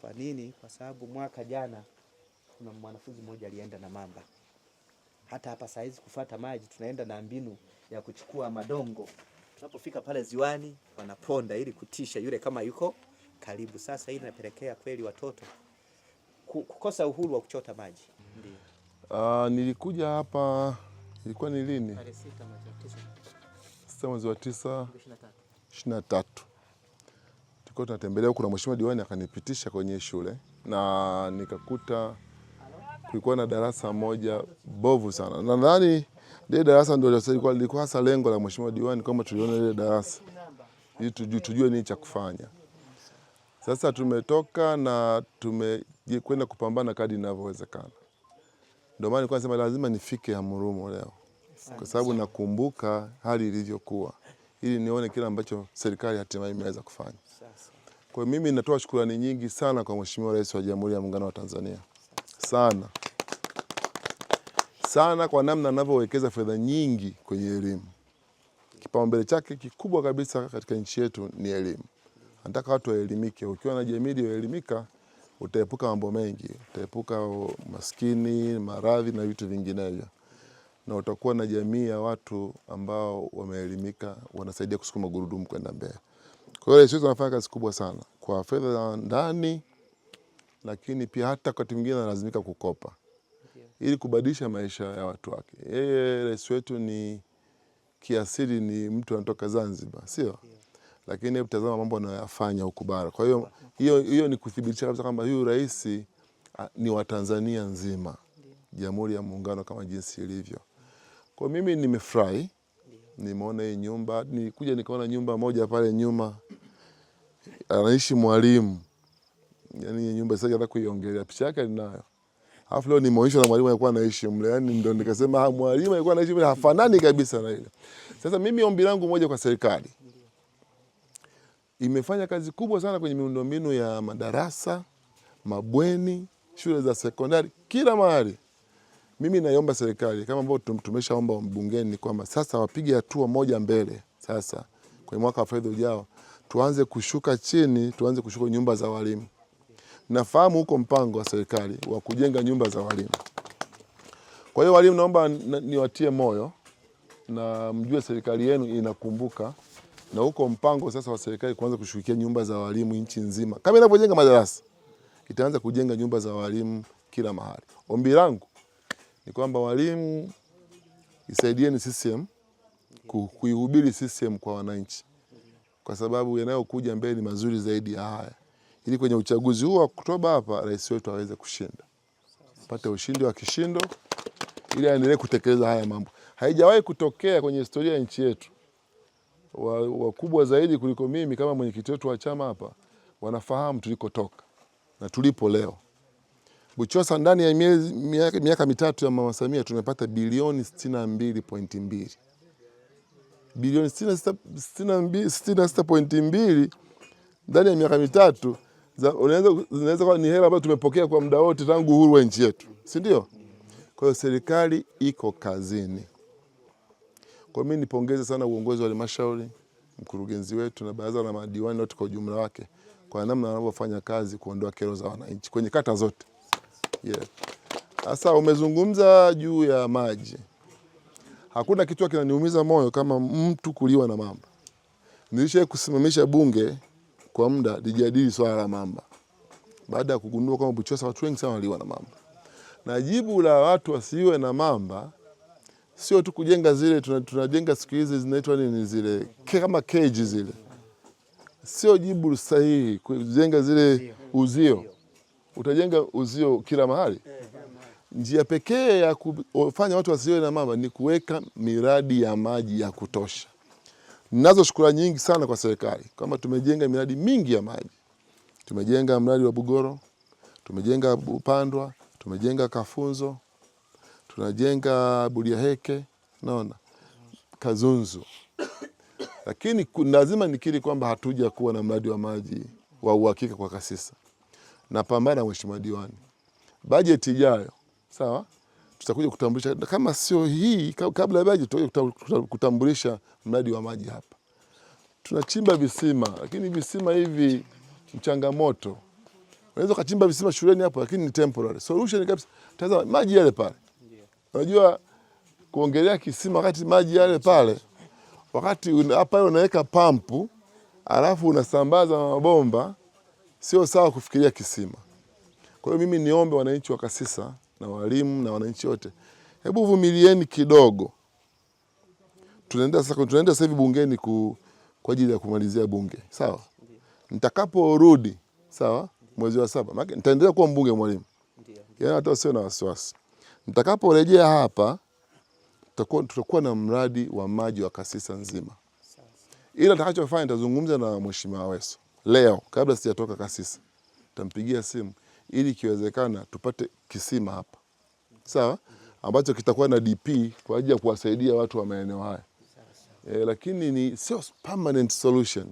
Kwa nini? Kwa sababu mwaka jana kuna mwanafunzi mmoja alienda na mamba. Hata hapa saa hizi kufuata maji tunaenda na mbinu ya kuchukua madongo. Tunapofika pale ziwani wanaponda ili kutisha yule kama yuko karibu. Sasa hii inapelekea kweli watoto kukosa uhuru wa kuchota maji. Ndio. Uh, nilikuja hapa ilikuwa ni lini? Tarehe 6 mwezi wa 9 mwezi wa 9 23 tulikuwa tunatembelea kuna na mheshimiwa diwani akanipitisha kwenye shule na nikakuta kulikuwa na darasa moja bovu sana. Nadhani lile darasa ndio lilikuwa hasa lengo la mheshimiwa diwani kwamba tuliona lile darasa ili tujue nini cha kufanya. Sasa tumetoka na tumekwenda kupambana kadri inavyowezekana. Ndio maana nilikuwa nasema lazima nifike Amurumo leo kwa sababu nakumbuka hali ilivyokuwa ili nione kile ambacho serikali hatimaye imeweza kufanya. Kwa mimi natoa shukrani nyingi sana kwa Mheshimiwa Rais wa Jamhuri ya Muungano wa Tanzania sana sana kwa namna anavyowekeza fedha nyingi kwenye elimu. Kipaumbele chake kikubwa kabisa katika nchi yetu ni elimu. Anataka watu waelimike. Ukiwa na jamii iliyoelimika, utaepuka mambo mengi, utaepuka maskini, maradhi na vitu vinginevyo na utakuwa na jamii ya watu ambao wameelimika, wanasaidia kusukuma gurudumu kwenda mbele. Kwa hiyo rais wetu kazi kubwa sana kwa fedha za ndani, lakini pia hata wakati mwingine analazimika kukopa ili kubadilisha maisha ya watu wake. Yeye rais wetu ni kiasili ni mtu anatoka Zanzibar, sio? Lakini hebu tazama mambo anayoyafanya huku bara. Kwa hiyo hiyo hiyo ni kuthibitisha kabisa kwamba huyu rais ni wa Tanzania nzima, Jamhuri ya Muungano kama jinsi ilivyo. Kwa mimi nimefurahi, nimeona hii nyumba, nilikuja nikaona nyumba moja pale nyuma anaishi mwalimu, yani nyumba sasa hata kuiongelea, picha yake ninayo. Alafu leo nimeonyeshwa na mwalimu alikuwa anaishi mle, yani ndio nikasema ah, mwalimu alikuwa anaishi mle, hafanani kabisa na ile. Sasa mimi ombi langu moja kwa serikali, imefanya kazi kubwa sana kwenye miundombinu ya madarasa, mabweni, shule za sekondari, kila mahali. Mimi naiomba serikali kama ambavyo tumeshaomba bungeni kwamba sasa wapige hatua moja mbele, sasa kwenye mwaka wa fedha ujao tuanze kushuka chini, tuanze kushuka nyumba za walimu. Nafahamu huko mpango wa serikali wa kujenga nyumba za walimu. Kwa hiyo walimu, naomba niwatie moyo na mjue serikali yenu inakumbuka, na huko mpango sasa wa serikali kuanza kushukia nyumba za walimu nchi nzima, kama inavyojenga madarasa itaanza kujenga nyumba za walimu kila mahali. Ombi langu ni kwamba walimu isaidieni CCM kuihubiri CCM kwa wananchi, kwa sababu yanayokuja mbele ni mazuri zaidi ya haya, ili kwenye uchaguzi huu wa Oktoba hapa rais wetu aweze kushinda, pate ushindi wa kishindo, ili aendelee kutekeleza haya mambo. Haijawahi kutokea kwenye historia ya nchi yetu, wakubwa wa zaidi kuliko mimi kama mwenyekiti wetu wa chama hapa wanafahamu tulikotoka na tulipo leo. Buchosa ndani ya miaka, miaka mitatu ya Mama Samia tumepata bilioni 62.2. Bilioni 66.2 ndani ya miaka mitatu zinaweza kuwa ni hela ambayo tumepokea kwa muda wote tangu uhuru wa nchi yetu, si ndio? Kwa hiyo serikali iko kazini. Kwa mimi nipongeze sana uongozi wa halmashauri, mkurugenzi wetu na baraza la madiwani wote kwa ujumla wake, kwa namna wanavyofanya kazi kuondoa kero za wananchi kwenye kata zote. Sasa Umezungumza juu ya maji, hakuna kitu kinaniumiza moyo kama mtu kuliwa na mamba. Nilisha kusimamisha bunge kwa muda lijadili swala la mamba baada ya kugundua kwamba Buchosa watu wengi sana waliwa na mamba, na jibu la watu wasiwe na mamba sio tu kujenga zile tunajenga siku hizi zinaitwa nini zile kama keji zile, sio jibu sahihi kujenga zile uzio utajenga uzio eh, kila mahali? Njia pekee ya kufanya watu wasiwe na mama ni kuweka miradi ya maji ya kutosha. Nazo shukrani nyingi sana kwa serikali kwamba tumejenga miradi mingi ya maji. Tumejenga mradi wa Bugoro, tumejenga Upandwa, tumejenga Kafunzo, tunajenga Buliaheke, naona Kazunzu. Lakini lazima nikiri kwamba hatuja kuwa na mradi wa maji wa uhakika kwa Kasisa napambana mheshimiwa diwani. Bajeti ijayo sawa, tutakuja kutambulisha kama sio hii, kabla ya bajeti tutakuja kutambulisha mradi wa maji hapa. Tunachimba visima, lakini visima hivi mchangamoto unaweza kuchimba visima shuleni hapo, lakini ni temporary solution kabisa. Tazama maji yale pale, unajua kuongelea kisima, wakati maji yale pale, wakati hapa unaweka pampu alafu unasambaza mabomba Sio sawa kufikiria kisima. Kwa hiyo mimi niombe wananchi wa Kasisa na walimu na wananchi wote, hebu vumilieni kidogo. Tunaenda sasa, tunaenda sasa hivi bungeni ku, kwa ajili ya kumalizia bunge sawa. Nitakaporudi sawa, mwezi wa saba, maana nitaendelea kuwa mbunge mwalimu, yaani hata sio na wasiwasi. Nitakaporejea hapa tutakuwa na mradi wa maji wa Kasisa nzima, ila nitakachofanya nitazungumza na mheshimiwa Aweso leo kabla sijatoka kasisi tampigia simu ili ikiwezekana tupate kisima hapa sawa, ambacho kitakuwa na DP kwa ajili ya kuwasaidia watu wa maeneo haya e, lakini ni sio permanent solution.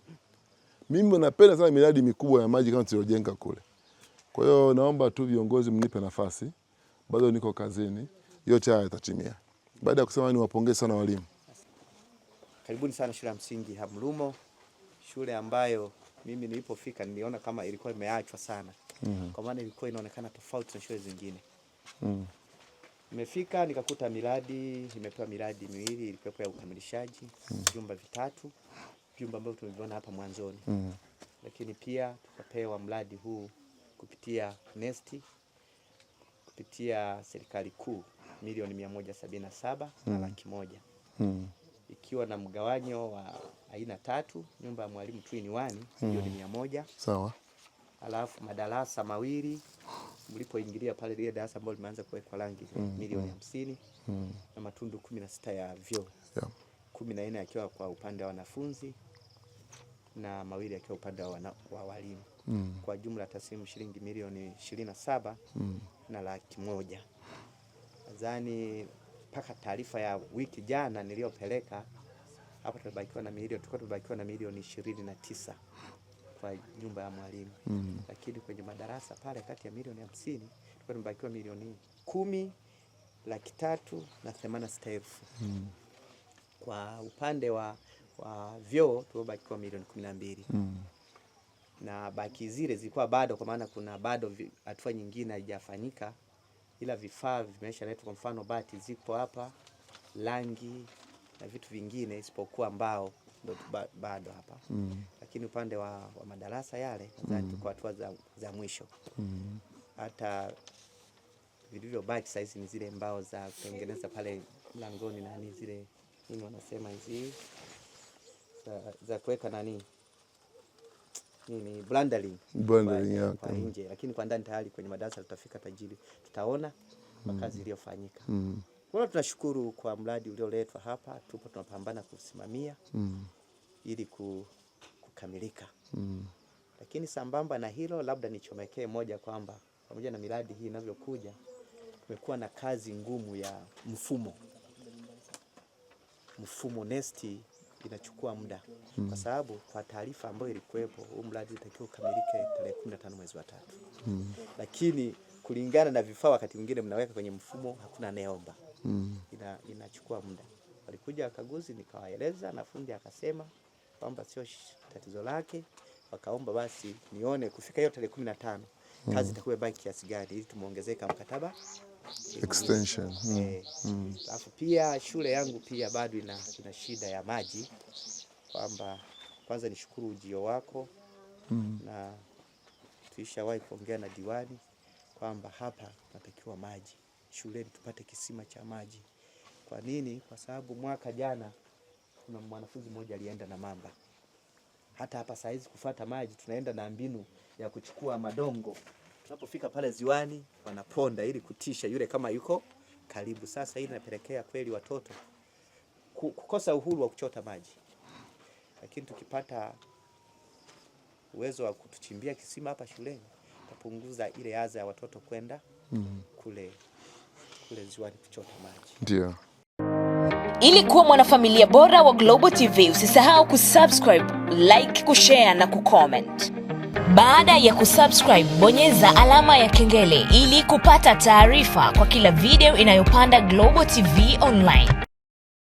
Mimi napenda sana miradi mikubwa ya maji kama tuliojenga kule. Kwa hiyo naomba tu viongozi mnipe nafasi, bado niko kazini, yote haya yatatimia. Baada ya kusema, niwapongeze sana walimu. Karibuni sana shule ya msingi Hamlumo, shule ambayo mimi nilipofika niliona kama ilikuwa imeachwa sana mm. kwa maana ilikuwa inaonekana tofauti na shule zingine mm. Nimefika nikakuta miradi imepewa miradi miwili ilikuwepo ya ukamilishaji mm. vyumba vitatu, vyumba ambavyo tumeviona hapa mwanzoni mm. lakini pia tukapewa mradi huu kupitia nesti kupitia serikali kuu milioni mia moja sabini na saba na mhm. laki moja mm. ikiwa na mgawanyo wa aina tatu, nyumba ya mwalimu twin ni hiyo ni mm. mia moja. Sawa. Alafu madarasa mawili mlipoingilia pale lile darasa ambalo limeanza kuwekwa rangi mm. milioni mm. hamsini mm. na matundu kumi na sita ya vyoo yeah. kumi na nne yakiwa kwa upande wa wanafunzi na mawili yakiwa upande wa, wana, wa walimu mm. kwa jumla taslimu shilingi milioni ishirini na saba mm. na laki moja nadhani mpaka taarifa ya wiki jana niliyopeleka hapa tumebakiwa na milioni, tulikuwa tumebakiwa na milioni ishirini na tisa kwa nyumba ya mwalimu mm. Lakini kwenye madarasa pale kati ya milioni hamsini tulikuwa tumebakiwa milioni kumi laki tatu na themanini sita elfu mm. Kwa upande wa, wa vyoo tuobakiwa milioni kumi na mbili mm. na baki zile zilikuwa bado, kwa maana kuna bado hatua nyingine haijafanyika, ila vifaa vimeshaletwa. Kwa mfano bati ziko hapa, rangi na vitu vingine isipokuwa mbao ndo bado hapa mm. Lakini upande wa, wa madarasa yale mm. tuko hatua za, za mwisho mm. hata mm. vilivyobaki sahizi ni zile mbao za kutengeneza pale mlangoni nani zile nini wanasema hizi za, za kuweka nani nini blandali kwa nje, lakini kwa ndani tayari kwenye madarasa tutafika tajiri, tutaona makazi mm. iliyofanyika mm. Kwa tunashukuru kwa mradi ulioletwa hapa, tupo tunapambana kusimamia mm. ili ku, kukamilika mm. Lakini sambamba na hilo, labda nichomekee moja kwamba pamoja na miradi hii inavyokuja, tumekuwa na kazi ngumu ya mfumo mfumo nesti inachukua muda mm. kwa sababu kwa taarifa ambayo ilikuwepo, huu mradi utakiwa ukamilike tarehe 15 mwezi wa tatu mm. lakini kulingana na vifaa wakati mwingine mnaweka kwenye mfumo, hakuna anayeomba mm. ina, inachukua muda. Walikuja wakaguzi, nikawaeleza na fundi akasema kwamba sio tatizo lake, wakaomba basi nione kufika hiyo tarehe kumi na tano mm. kazi itakuwa baki kiasi gani ili tumuongezeka mkataba extension mm. Eh, mm. pia shule yangu pia bado ina, ina shida ya maji, kwamba kwanza nishukuru ujio wako mm. na tuishawahi kuongea na diwani kwamba hapa natakiwa maji shuleni tupate kisima cha maji. Kwa nini? Kwa sababu mwaka jana kuna mwanafunzi mmoja alienda na mamba. Hata hapa saa hizi kufuata maji tunaenda na mbinu ya kuchukua madongo, tunapofika pale ziwani wanaponda ili kutisha yule kama yuko karibu. Sasa hii inapelekea kweli watoto kukosa uhuru wa kuchota maji, lakini tukipata uwezo wa kutuchimbia kisima hapa shuleni tapunguza ile adha ya watoto kwenda mm -hmm. kule kule ziwani kuchota maji. Ndio. Ili kuwa mwanafamilia bora wa Global TV usisahau kusubscribe, like, kushare na kucomment. Baada ya kusubscribe, bonyeza alama ya kengele ili kupata taarifa kwa kila video inayopanda Global TV Online.